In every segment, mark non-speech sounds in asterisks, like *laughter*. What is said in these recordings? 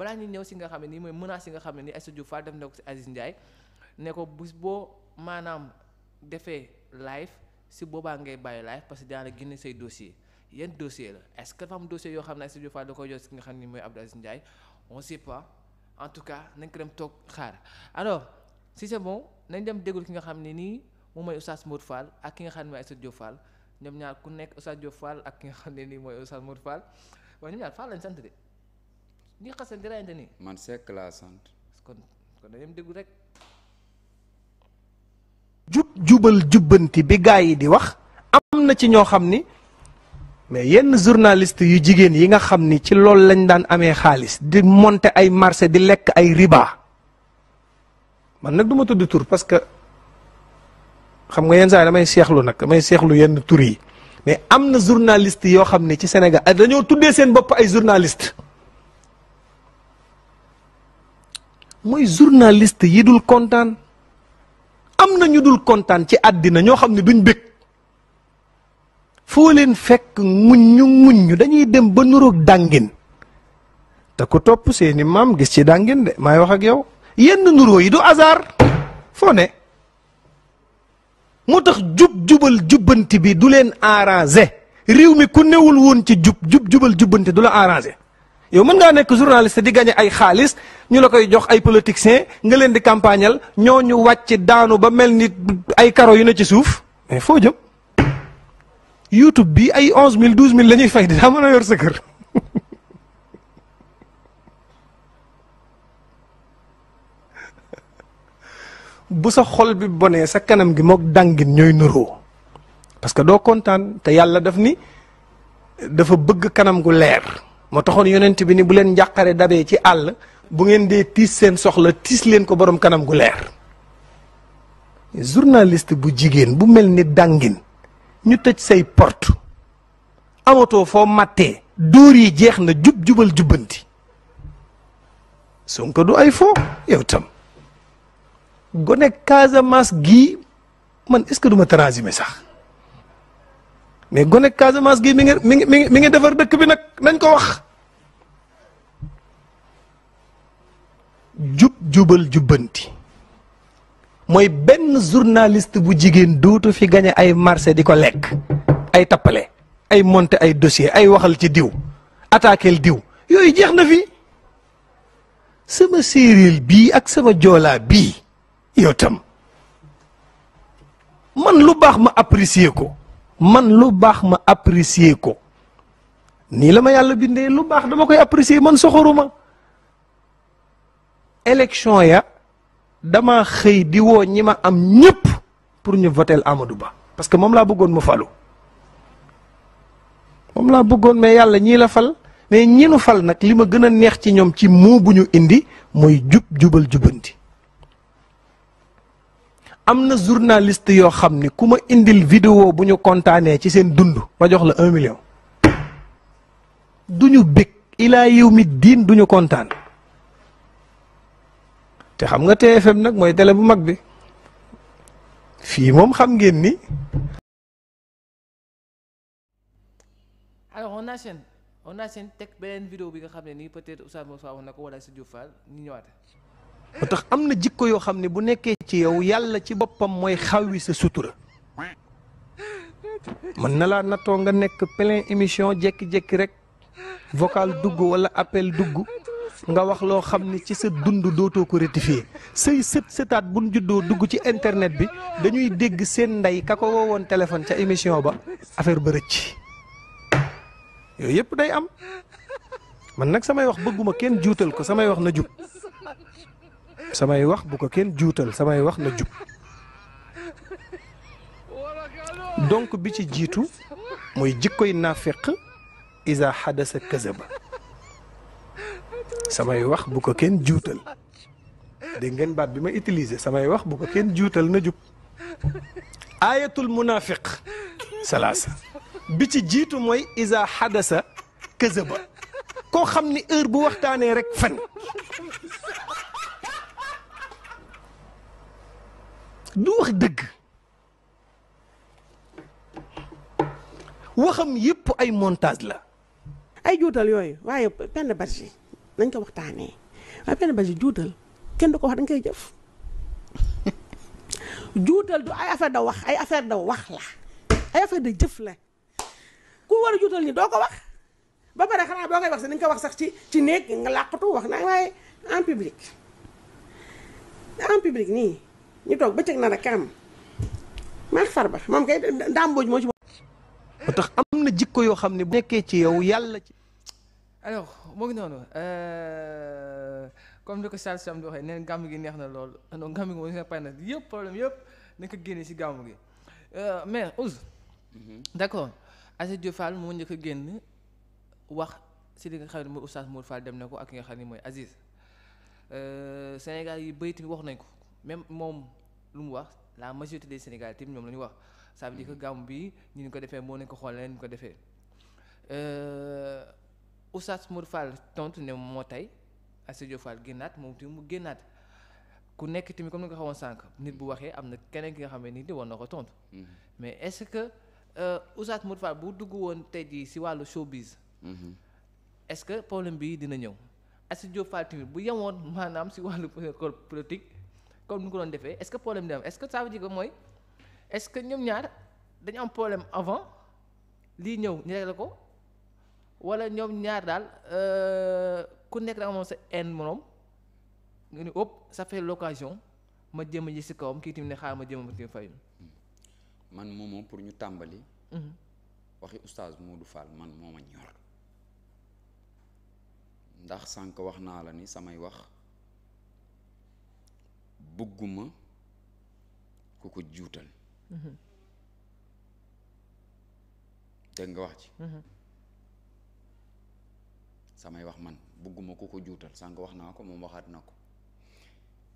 balaa ñuy ñëw si nga xam ne nii mooy menace yi nga xam ne nii Aïssatou Diouf Fall def na ko si Aziz Ndiaye ne ko bés boo maanaam defee live si boobaa ngay bàyyi live parce que daanaka génne say dossier yan dossier la est-ce dafa am dossier yoo xam ne Aïssatou Diouf Fall da koy jox xam ne nii mooy Abdou Aziz Ndiaye on sait pas en tout cas nañ ko dem toog xaar alors si c'est bon nañ dem déglu ki nga xam ne nii moom mooy Oustaz Modou Fall ak ki nga xam ne mooy Aïssatou Diouf Fall ñoom ñaar ku nekk Oustaz Diouf Fall ak ki nga xam ne nii mooy Oustaz Modou Fall waaye ñoom ñaar Fall lañ sant de ñuy xasante di rayante man Seck laa sant. kon kon da ngeen déglu rek. jub jubal jubbanti bi gaa yi di wax. am na ci ñoo xam ni mais yenn journaliste yu jigéen yi nga xam ni ci loolu lañ daan amee xaalis di monte ay marché di lekk ay riba man nag du ma tudd tur parce que xam nga yenn saa yi damay seexlu nag damay seexlu yenn tur yi mais am na journaliste yoo xam ne ci Sénégal dañoo tuddee seen bopp ay journaliste muy journaliste yi dul kontaan am na ñu dul kontaan ci àddina ñoo xam ne duñ bég foo leen fekk ŋuññu ŋuññu dañuy dem ba nuroog dàngin te ku topp seeni maam gis ci dàngin de maay wax ak yow yenn nuroo yi du hasard foo ne moo tax jub jubal jubbanti bi du leen arrangé réew mi ku newul woon ci jub jub jubal jubbanti du la arrangé yow mën ngaa nekk journaliste di gagné ay xaalis ñu la koy jox ay politiciens nga leen di campagnal ñoo ñu wàcc daanu ba mel nit ay karo yu ne ci suuf mais foo jëm YouTube bi ay onze mille douze mille la ñuy fay dinaa mën a yor sa kër *laughs* bu sa xol bi bonee sa kanam gi moog dàngin ñooy nuroo parce que doo kontaan te yàlla def ni dafa bëgg kanam gu leer moo taxoon yonent bi ni bu leen njàqare dabee ci àll bu ngeen dee tiis seen soxla tiis leen ko borom kanam gu leer journaliste bu jigéen bu mel ni dàngin ñu tëj say port amatoo foo màttee dóor yi jeex na jub jubal jubbanti Sonko du ay foo yow tam gone Casamance gii man est-ce que du ma transimer sax mais gone Casamance gi mi ngi mi ngi mi ngi mi ngi defar dëkk bi nag nañ ko wax jub jubal jubbanti mooy benn journaliste bu jigéen dootu fi gañe ay marché di ko lekk ay tappale ay monté ay dossier ay waxal ci diw attaquel diw yooyu jeex na fi sama séeréel bii ak sama joolaa bii yow tam man lu baax ma apprécier ko man lu baax ma apprécier ko nii la ma yàlla bindee lu baax dama koy apprécier man soxoruma élection ya dama xëy di woo ñi ma am ñëpp pour ñu votel Amadou Ba parce que moom laa bëggoon mu falu moom laa bëggoon mais yàlla ñii la fal mais ñi nu fal nag li ma gën a neex ci ñoom ci moo bu ñu indi mooy jub jubal jubanti am na journaliste yoo xam ni ku ma indil video bu ñu kontaanee ci seen dund ma jox la un million du ilaa yow mi diin du kontaan te xam nga TFM nag mooy télé bu mag bi fii moom xam ngeen ni. alors on enchaîne on enchaîne teg beneen vidéo bi nga xam ne nii peut-être Ousmane Moussa wax ko wala Diouf Fall ñu ñëwaat. tax am na jikko yoo xam ne bu nekkee ci yow yàlla ci boppam mooy xawwi sa sutura mën na laa nattoo nga nekk plein émission jékki-jékki rek vocal dugg wala appel dugg nga wax loo xam ne ci sa dund dootoo ko rectifier say sët sëtaat bu ñu juddoo dugg ci internet bi dañuy dégg seen ndey ka ko woowoon téléphone ca émission ba affaire ba rëcc yooyu yëpp day am man nag samay wax bëgguma kenn juutal ko samay wax na jub samay wax bu ko kenn juutal samay wax na jub donc bi ci jiitu mooy jikkoy naafeq isa xadasa kazaba samay wax bu ko kenn juutal dégg ngeen baat bi ma utiliser samay wax bu ko kenn juutal na jub ayatul munafiq salaasa bi ci jiitu mooy isa xadasa kazaba koo xam ni heure bu waxtaanee rek fen du wax dëgg waxam yépp ay montage la. ay juutal yooyu waaye Penda Badji nañ ko waxtaanee waaye Penda Badji juutal kenn du ko wax da koy jëf *laughs* juutal du ay affaire da wax ay affaire da wax la jëf la ku war a juutal ni doo ko wax ba pare xanaa boo koy wax sax ni ko wax sax ci ci néeg nga làqatu wax na waaye en public en public nii. ñu toog bëccëg na rek kanam maa farba moom kay daambooj moo ci. ba tax am na jikko yoo xam ne bu nekkee ci yow yàlla ci. alors moo ngi noonu euh, comme ni ko Sall Sam waxee neen gàmm gi neex na lool donc gàmm gi moom sax pare na yëpp problème yëpp na génne si gàmm gi euh, mais Ouz. Mhm. d' accord Aïssa Diop Fall moo njëkk a génn wax si li nga xam ne mooy Oustaz Mour dem na ko ak ki xam ne mooy Aziz euh, Sénégal yi bëy tamit wax nañ ko. même moom lu mu wax la majorité des sénégal tamit ñoom la ñu wax ça veut dire que gàmm mm-hmm. bi ñu ngi ko defee moo nañ ko xoolee ñu ko defee euh, Oustaz Mour Fall tontu ne moo tey Assadio Fall génnaat moom tamit mu génnaat ku nekk tamit comme ni nga ko xawoon sànq nit bu waxee am na keneen ki nga xam ne nit di war na ko tontu. Mm-hmm. mais est-ce que euh, Oustaz Mour Fall bu dugg woon tey jii si wàllu showbiz. Mm-hmm. est-ce que problème bii dina ñëw Assadio Fall tamit bu yemoon comme ni ko doon defee est-ce que problème dina am est-ce que ça veut mooy est-ce que ñoom ñaar dañu am problème avant lii ñëw ñu la ko walla ñoom ñaar daal euh, ku nekk da nga moom sa haine moom nga ni ëpp ça fait l'occasion ma jéem a ji si kawam kii tamit ne xaar ma jéem a fayu hmm. man moomoo pour ñu tàmbali. Hmm. waxi oustaz Modou man moo ma ñor. ndax sànq wax naa la ni samay wax. bëgguma ku ko juutal mhm. dégg nga wax ci mhm. samay wax man bëgguma ku ko juutal sànq wax naa ko moom waxaat na ko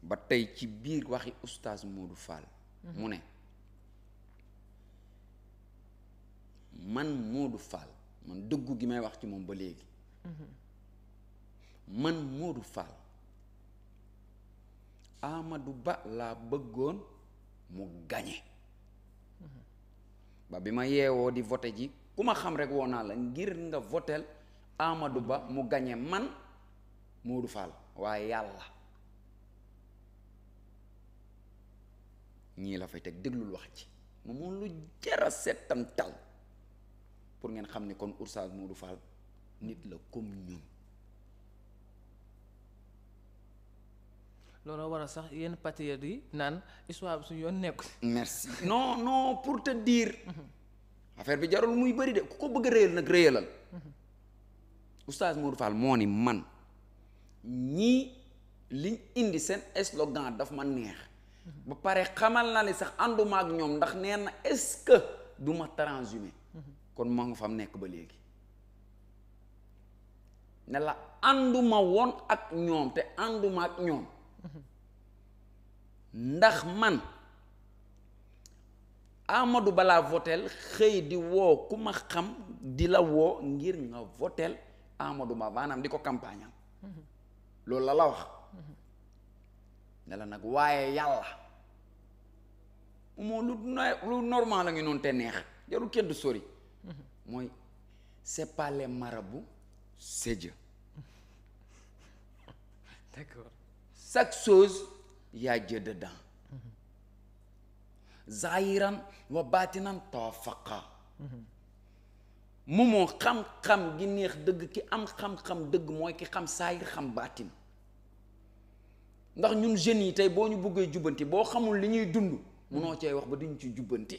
ba tey ci biir waxi oustaz Modou Fall mhm. mu ne man Modou Fall man dëggu gi may wax ci moom ba léegi man Modou Fall Amadou Ba laa bëggoon mu gañe ba bi ma yeewoo di voté ji ku ma xam rek woo naa la ngir nga votel amadu Ba mu gañe man Modou Fall waaye yàlla ñii la fay teg déglul wax ci moom lu jara seetam tal pour ngeen xam ni kon oustaz Modou Fall nit la comme ñun looloo war a sax yenn patriotes yi naan histoire bi suñu yoon nekku merci *laughs* non non pour te dire. Mhm. affaire bi jarul muy bëri de ku ko bëgg a réyal nag réyalal. Mhm. oustaz Modou Fall moo ni man ñii liñ indi seen slogan dafa ma neex. Mhm. ba pare xamal na li sax ànduma ak ñoom ndax nee na est-ce du ma transhumé. kon maa ngi fa nekk ba léegi. ne la ànduma woon ak ñoom te ànduma ak ñoom. ndax man Amadou balaa votel xëy di woo ku ma xam di la woo ngir nga votel Amadou Ba maanaam di ko campagne am mm-hmm. loolu la la wax mm-hmm. ne nag waaye yàlla moo lu lu normal la ngi noonu te neex jarul kenn du sori mm-hmm. mooy c'est pas les marabouts c'est Dieu *laughs* d'accord y a Dieu dedans zahiran wa baatinan mu moo xam-xam gi neex dëgg ki am xam-xam dëgg mooy ki xam saayir xam baatin ndax ñun jeunes yi tey boo ñu bëggee jubbanti boo xamul li ñuy dund munoo cay wax ba duñ ci jubbanti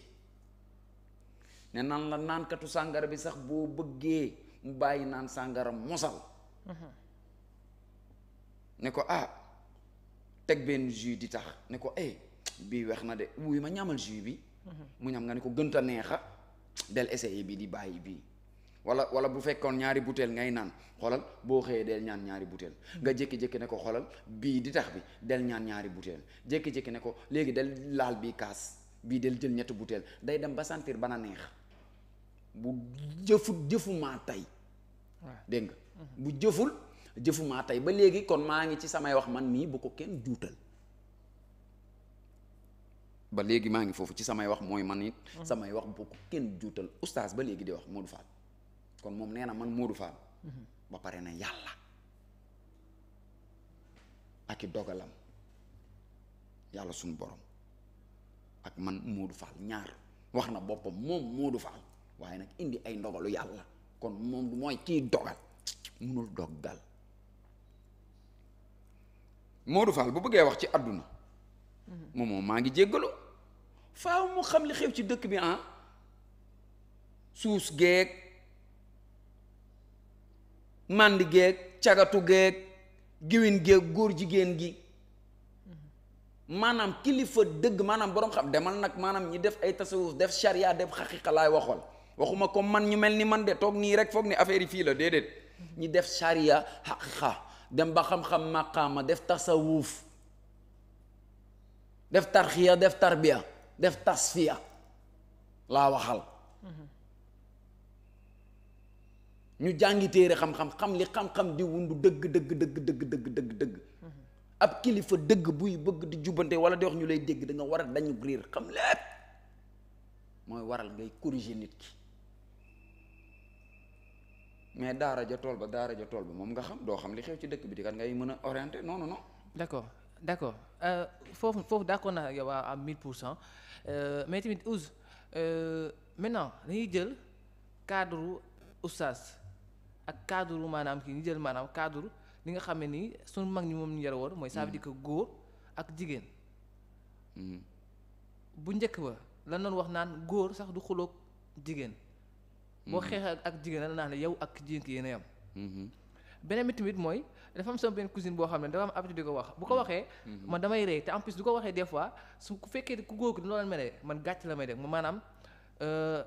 ne nan la naankatu sàngara bi sax boo bëggee mu bàyyi naan sàngara mosal mhm. ne ko ah teg benn jus di tax ne ko eh bii weex na de wuy ma ñamal jus bi mu ñam nga ne ko gënta neexa del essayé bi di bàyyi bii wala wala bu fekkoon ñaari butéel ngay naan xoolal boo xëyee del ñaan ñaari butéel nga jékki-jékki ne ko xoolal bii di tax bi del ñaan ñaari butéel jékki-jékki ne ko léegi del laal bi kaas bii del jël ñetti butéel day dem ba sentir bana neex bu jëfut jëfumaa tey dégg bu jëful jëfumaa tey ba léegi kon maa ngi ci samay wax man mii bu ko kenn juutal ba léegi maa ngi foofu ci samay wax mooy man it mm-hmm. samay wax bu ko kenn juutal oustaz ba léegi di wax Modou Fall kon moom nee na man Modou Fall mm-hmm. ba pare na yàlla ak dogalam yàlla suñu borom ak man Modou ñaar wax na boppam moom Modou waaye nag indi ay ndogalu yàlla kon moom du mooy kii dogal munul dogal Modou Fall bu bëggee wax ci àdduna moom moom maa ngi jéggalu faaw mu xam li xew ci dëkk bi ah suus geeg màndi geeg cagatu geeg giwin geeg góor jigéen gi maanaam kilifa dëgg maanaam boroom xam demal nag maanaam ñi def ay tasawuf def charia def xaqiqa laay waxoon waxuma ko man ñu mel ni man de toog nii rek foog ni affaire yi fii la déedéet ñi def charia xaqiqa dem ba xam-xam màqaama def tasawuf def tarxiya def tarbiya def tasfiya laa waxal ñu jàngi téere xam-xam xam li xam-xam di wundu dëgg dëgg dëgg dëgg dëgg dëgg dëgg ab kilifa dëgg buy bëgg di jubbante wala di wax ñu lay dégg da nga dañu riir xam lépp mooy waral ngay corriger nit ki mais daara ja tool ba daara ja tool ba moom nga xam doo xam li xew ci dëkk bi di kat ngay mën a orienté non non non. d'accord euh, foofu foofu d'accord naa yow à 1000 pour cent euh, mais tamit Ouz euh, maintenant dañuy jël cadre oustaz ak cadre maanaam kii ñu jël maanaam cadre li nga xam ni nii mag ñi moom ñu yar mooy ça di ko mm. góor ak jigéen. Mm. bu njëkk ba lan doon wax naan góor sax du xuloog jigéen. boo mhm. xeexee ak jigéen dana naan yow ak jigéen ki yéen a yem. Mhm. beneen bi tamit mooy dafa am sama benn cousine boo xam ne dafa am ko wax bu ko mhm. waxee. man damay rey te en ko waxee des fois su ku fekkee ku góor gi dina doon mel man la may def maanaam euh,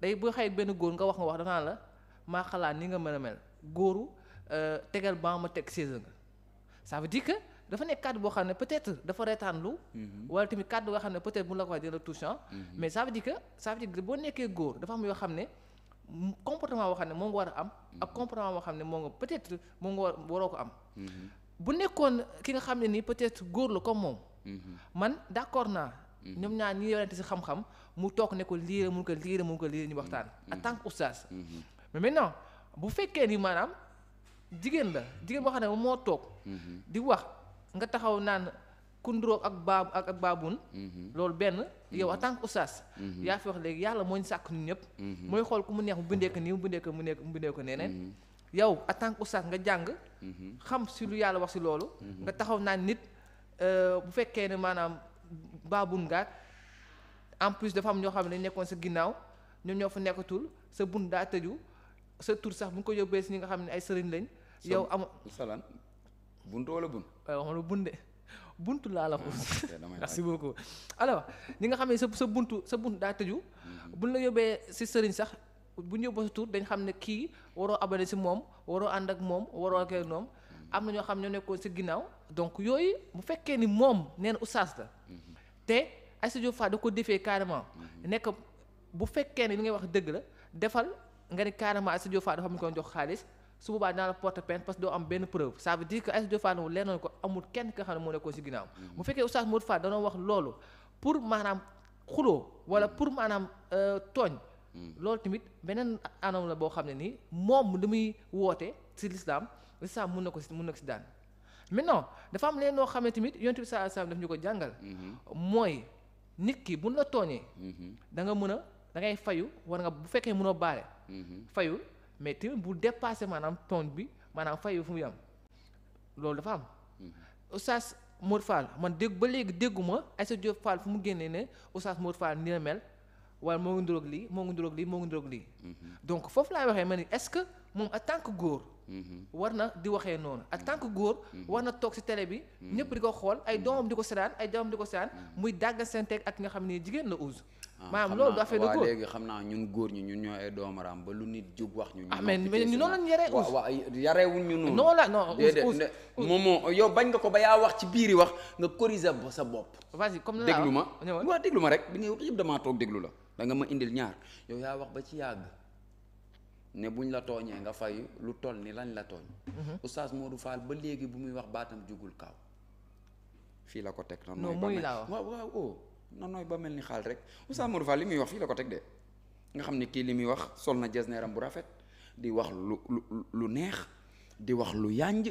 day boo xëy benn góor nga wax nga wax dafa naan la maa ni nga mën a mel góoru euh, tegal baa ma teg saison nga ça veut dire que dafa boo xam ne peut-être dafa reetaanlu. wala tamit kàddu nga xam ne peut-être bu la ko waxee dina mais ça veut boo nekkee góor dafa am yoo xam ne. comportement boo xam ne moo nga war a am. Mhm. ak comportement boo xam ne moom nga peut-être moo nga war waroo ko am. Mhm. bu nekkoon ki nga xam ne nii peut-être góor la comme moom. Mhm. man d'accord naa. ñoom ñaar ñi yorante ci xam-xam mu toog ne ko lii mun ko lii mun ko lii ñu waxtaan. en tant que oustaz. mais maintenant bu fekkee ni maanaam jigéen la jigéen boo xam ne moo toog. di wax nga taxaw naan. kunduroog ak baab ak ak baabun mhm. loolu benn mhm. yow en tant que mhm. yaa fi wax léegi yàlla moo ñu sàkk ñun ñëpp mooy xool ku mu neex mu bindee ko nii mu bindee ko mu nekk mu bindee ko neneen yow en tant que oustaz nga jàng xam si lu yàlla wax si loolu nga taxaw naan nit euh, bu fekkee ne maanaam baabun nga en plus dafa am ñoo xam ne nekkoon sa ginnaaw ñoom ñoo fa nekkatul sa bun daa tëju sa tur sax bu ñu ko yóbbee si ñi nga xam ne ay sëriñ lañ yow am salaan bun bun waaye wax ma bun de buntu laa la ah, xuus merci beaucoup alors ñi nga xam ne sa sa buntu sa bunt daa tëju mhm. buñ la yóbbee si sëriñ sax bu ñu yóbboo sa tur dañ xam ne kii waroo abonné si moom waroo ànd ak moom waroo ak moom mhm. am na ñoo xam ñoo nekkoon si ginnaaw donc yooyu bu fekkee ni moom nee na oustaz la mhm. te Aïssatou Diop Fall da ko defee carrément nekk bu fekkee ne li ngay wax dëgg la defal nga ni carrément Aïssatou Diop Fall dafa am ko jox xaalis su boobaa dinaa la porte plainte parce que doo am benn preuve ça veut dire que Aïssatou Diop Fall noonu leer na ko amul kenn ki nga xam ne moo nekkoon si ginnaaw mm-hmm. bu fekkee oustaz Modou danoo wax loolu pour maanaam xuloo wala pour maanaam euh, tooñ mm-hmm. loolu tamit beneen anam la boo xam ne nii moom li muy woote si lislaam lislaam mun na ko si mun na si daan maintenant dafa am leen loo xam ne tamit yonent saa sallallahu alayhi wasallam daf ñu ko jàngal mm-hmm. mooy nit ki buñ la tooñee da nga mën a da ngay fayu war nga bu fekkee mënoo baale fayul mais tamit bu dépassé maanaam tontu bi maanaam fay fu mu yam loolu dafa am. Mhm. Oustaz Mor Fall man dégg ba léegi dégguma Aïssatou Diop Fall fu mu génnee ne Oustaz Mor Fall ni la mel wala moo ngi nduróog lii moo ngi nduróog lii moo ngi nduróog mhm. donc foofu laay waxee ma ni est-ce que moom en tànk góor. Mhm. war na di waxee noonu en tànk góor. war na toog ci télé bi. ñëpp di ko xool ay doomam di ko seetaan ay doomam di ko seetaan. muy dàgg seen teg ak nga xam ne jigéen la uus. Ah, maanaam loolu du affaire léegi xam naa ñun góor ñi ñun ñoo doomaraam ba lu nit jóg wax ñu. ah mais ñu noonu lañ yaree us waaw yarewuñ ñu noonu. non la non us moom yow bañ nga ko ba yaa wax ci biir yi wax nga corriger sa bopp. vas-y comme la déglu ma waaw déglu ma rek bi nga yëpp damaa toog déglu la da nga ma indil ñaar yow yaa wax ba ci yàgg ne buñ la tooñee nga fay lu tol ni lañ la tooñ. Mhm. oustaz Modou Fall ba léegi bu muy wax baatam jugul kaaw fii la ko teg. non mooy laa wax waaw waaw oh. na nooy ba mel ni xaal rek Oustaz Modou Fall li muy wax fii la ko teg de nga xam ne kii li muy wax sol na jasneeram bu rafet di wax lu lu neex di wax lu yànj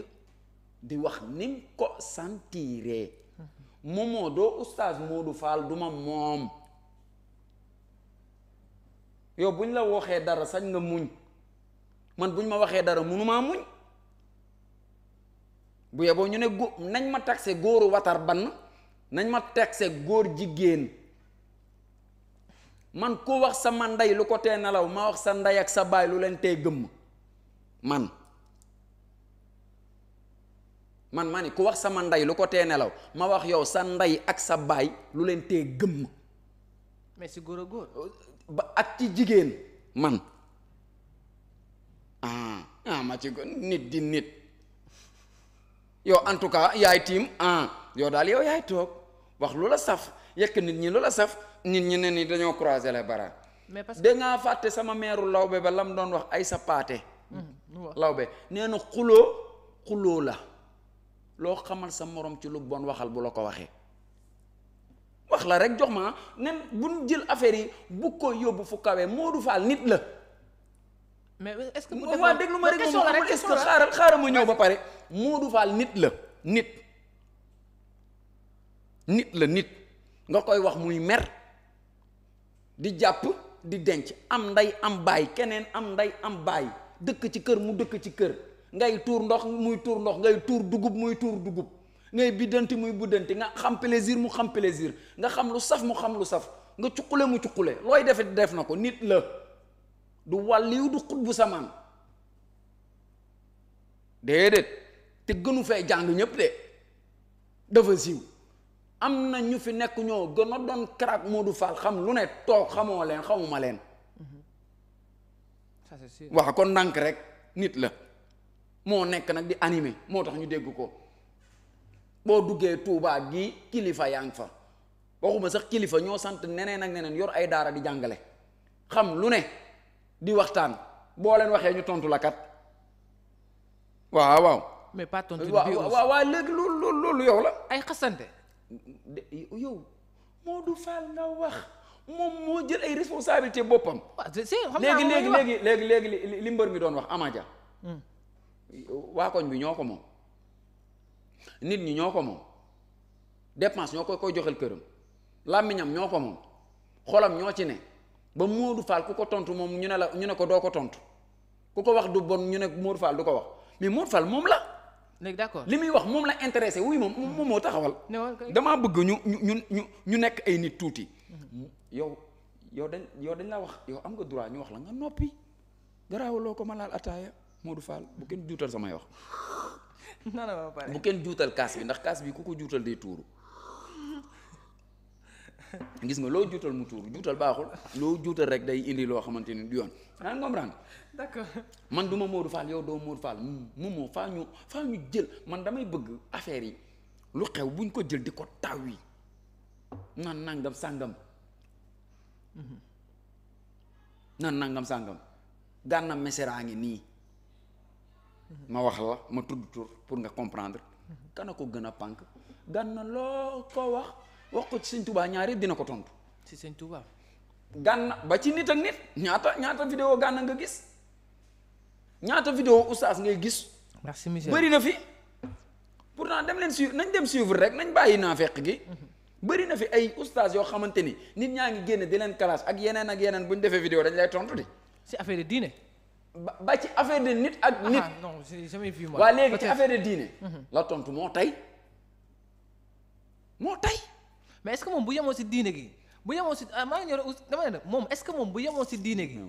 di wax nim ko sentiree moomoo doo Oustaz du Fall duma moom yow buñ la waxee dara sañ nga muñ man buñ ma waxee dara munumaa muñ bu yeboo ñu ne gó nañ ma taxe góoru watar bann nañ ma taxe góor jigéen man ku wax sama ndey lu ko tee nelaw ma wax sa ndey ak sa baay lu leen tee gëmm man man ma ni ku wax sama ndey lu ko nelaw ma wax yow sa ndey ak sa baay lu leen tee gëmm mais si góor a góor ba ak ci jigéen man ah ah ma ci nit di nit yow en tout cas yaay tiim ah yow daal yow yaay toog wax lu la saf yekk nit ñi lu la saf nit ñi ne ni dañoo croiser la bras mais parce que dangaa fàtte sama meeru lawbe ba lam doon wax ay sa paate mm, lawbe nee na xuloo xuloo la loo xamal sa moroom ci lu bon waxal bu la ko waxee wax la rek jox ma nem buñ jël affaire yi bu ko yóbbu fu kawee Modou Fall nit la mais est-ce que mu waa déglu ma rek moom est xaaral xaaral ma ñëw ba pare Modou Fall nit la nit nit la nit nga koy wax muy mer di jàpp di denc am nday am baay keneen am nday am baay dëkk ci kër mu dëkk ci kër ngay tuur ndox muy tuur ndox ngay tuur dugub muy tuur dugub ngay biddanti muy buddanti nga xam plaisir mu xam plaisir nga xam lu saf mu xam lu saf nga cuqule mu cuqule looy defe def na ko nit la du wàlliw du xut bu samaan déedéet te gënu fee jàng ñépp de dafa siiw am na ñu fi nekk ñoo gën a doon moo du Fall xam lu ne toog xamoo leen xamuma leen waaw kon ndànk rek nit la moo nekk nag di animé moo tax ñu dégg ko boo duggee Touba gi kilifa yaa ngi fa waxuma sax kilifa ñoo sant neneen ak neneen yor ay daara di jàngale xam lu ne di waxtaan boo leen waxee ñu tontu la kat waaw waaw. mais léegi loolu loolu yow la ay xasante. yow du Fall nga wax moom moo jël ay responsabilité boppam. léegi léegi léegi léegi léegi li mbër mi doon wax Amadia. Hmm. waa koñ bi ñoo ko moom. nit ñi ñoo ko moom. dépense ñoo ko koy joxel këram. làmmiñam ñoo ko moom. xolam ñoo ci ne. ba Modou Fall ku ko tontu moom ñu ne la ñu ne ko doo ko tontu. ku ko wax du bon ñu ne Modou Fall du ko wax mais Modou Fall moom la. léegi d'accord li muy wax moom la intéressé wuy moom moom moo taxawal. damaa bëgg ñu ñu ñu ñu nekk ay nit tuuti. yow yow dañ yow dañ la wax yow am nga droit ñu wax la nga noppi. garaawuloo ko ma laal ataaya Modou Fall bu kenn juutal samay wax. *laughs* bu kenn juutal kaas bi ndax kaas bi ku ko juutal day tuuru. *laughs* gis nga loo juutal mu tuur juutal baaxul loo juutal rek day indi loo xamante ni du yoon naan comprendre d'accord man duma ma Modou Fall yow doo Modou Fall mu moo faa ñu faa ñu jël man damay bëgg affaire yi lu xew buñ ko jël di ko taw yi naan nangam sàngam mhm. naan nangam sàngam gànnam meseraa ngi nii ma wax la ma tudd tur pour nga comprendre mhm. kana ko gën pànk gànna loo ko wax wax ko ci sëñ Touba ñaari dina ko tontu. ci sëñ Touba. gànna ba ci nit ak nit ñaata ñaata vidéo gànna nga gis ñaata vidéo oustaz ngay gis. merci monsieur bëri na fi. pourtant dem leen suivre nañ dem suivre rek nañ bàyyi naa fekk gi. Mhm. bëri na fi ay oustaz yoo xamante ni nit ñaa ngi génn di leen classe ak yeneen ak yeneen bu ñu defee vidéo dañ lay tontu di. ci affaire de diine. ba ba ci affaire de nit ak. Ah, nit ah, non j'ai jamais vu moi. ci affaire de diine. Mhm. la tontu moo tey moo tey. mais est que moom bu yemoon si diine gi bu yemoon si ah maa ngi ñëw dama ne moom est ce que moom bu yemoon si diine gi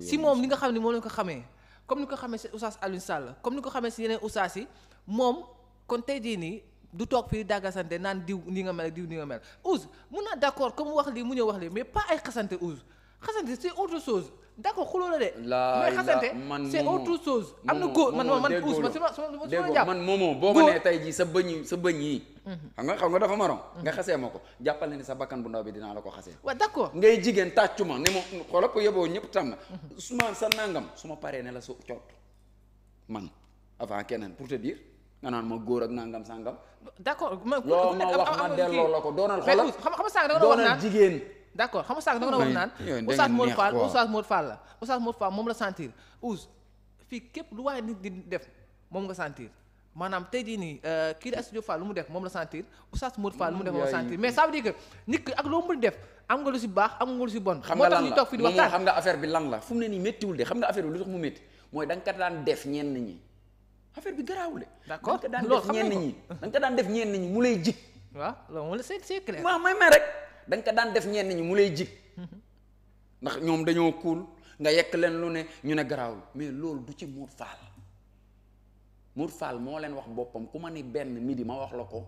si moom li nga xam ne moom lañ ko xamee comme ni ko xamee si oustaz yi moom kon tey nii du toog fii dàggasante naan diw ni nga mel diw ni nga mel Ouz mun naa d' accord comme wax lii mu ñëw wax lii mais pas ay xasante Ouz xasante c'est autre chose d'accord xuloo la de. la man c'est autre am na góor man man uus man sama tey jii sa bëñ yi sa bëñ yi. Mhm. xam nga xam nga dafa maron nga mhm. xasee ma ko jàppal ne sa bakkan bu ndaw bi dinaa la ko xasee. waaw d'accord ngay jigéen ma ne ma xoolal ko yóbboo ñëpp tàmm. Mhm. su ma sa nangam su ma paree ne la su coot man avant keneen pour te nga naan ma góor ak nangam sangam. d'accord ma ku nekk am am loo ma wax ma delloo la ko doonal. xoolal doonal jigéen. d'accord xam nga sànq da nga doon wax naan Oustaz Mor Fall Oustaz Mor Fall moom la sentir Ouz fii képp lu waaye nit di def moom nga sentir maanaam tey jii nii euh, kii di Astou Diop Fall lu mu def moom la sentir Oustaz Modou Fall lu mu def moom la sentir mais ça veut dire que loo mën def am nga lu si baax nga lu si xam nga affaire bi lan la fu mu ne nii méttiwul de xam nga affaire bi lu tax mooy da nga daan def ñenn ñi affaire bi garaawul de. d'accord loolu xam nga ko da nga ko ko daan def ñenn ñi mu lay jig. moom la c'est c'est clair. waaw may may rek. dañ ko daan def ñenn ñi mu lay jig ndax ñoom dañoo kuul nga yekk leen lu ne ñu ne garaawul mais loolu du ci Mor Fall Mor Fall moo leen wax boppam ku ma ni benn midi ma wax la ko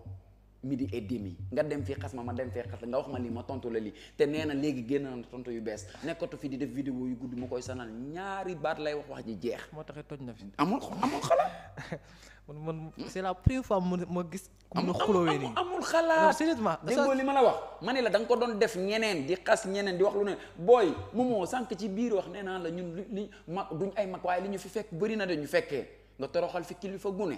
midi et demi nga dem fii xas ma ma dem fee xas la nga wax ma lii ma tontu la lii te nee na léegi génn na tontu yu bees nekkatu fi di def vidéo yu gudd mu koy sanal ñaari baat lay wax wax ji jeex. moo tax toj na fi. amul amul xalaat. *laughs* man man c'est la première fois ma gis. amul amul amul xalaat sérieusement déggoo li ma la wax. ma ne la da ko doon def ñeneen di xas ñeneen di wax lu ne booy mu moo sànq ci biir wax nee naa la ñun li li ma duñ ay mag waaye li ñu fi fekk bëri na de ñu fekkee nga toroxal fi kilifa gune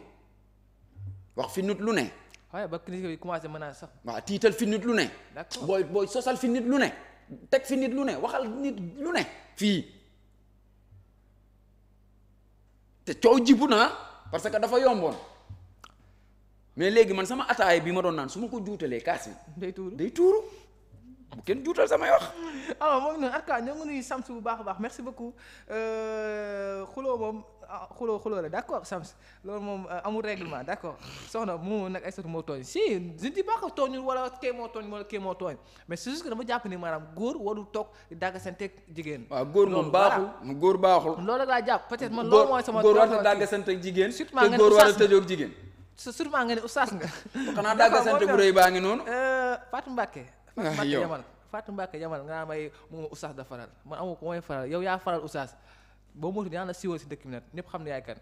wax fi nit lu ne. waaye ba crise bi commencé menace sax. waaw tiital fi nit lu ne. d'accord booy booy sosal fi nit lu ne. teg fi nit lu ne waxal nit lu ne. fii te coow jibu naa parce que dafa yomboon mais léegi man sama ataay bi ma doon naan su ma ko juutalee kaas yi. day tuuru day tuuru. bu kenn juutal samay wax. ah moom noonu Arka ñoo ngi nuyu Samsu bu baax a baax merci beaucoup euh, xuloo moom. Ah, xuloo xuloo la d' accord Sams loolu moom euh, amul règlement d' soxna mu nag ay sot moo tooñ si je ne dis pas que tooñul dama jàpp ni maanaam góor warul toog di dàggasanteeg jigéen waaw góor moom baaxul góor baaxul loolu laa jàpp peut-être man loolu mooy sama góor war a dàggasanteeg jigéen surtout te góor war a tëjoog jigéen surtout nga ne oustaz nga *laughs* xanaa dàggasante bu rëy baa ngi noonu euh, Fatou Mbacké *laughs* Fatou Mbacké Yamal Fatou Mbacké Yamal nga naa may ma oustaz da faral man amu ko mooy faral yow yaa faral oustaz boo moytu dinaa la siiwal si dëkk bi nag ñëpp xam ne yaay kan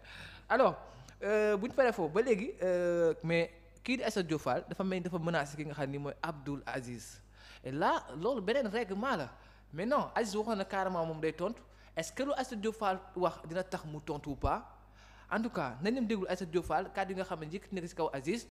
alors euh, bu ñu paree foofu ba léegi euh, mais kii di Aïssatou Diop Fall dafa may dafa menacé ki nga xam ni mooy Abdoul Aziz et là loolu beneen règlement la mais non Aziz waxoon na carrément moom day tontu est-ce que lu Aïssatou Diop Fall wax dina tax mu tontu ou en tout cas nañ dem déglu Aïssatou Diop Fall kàddu yi nga xam ne njëkk nekk si kaw Aziz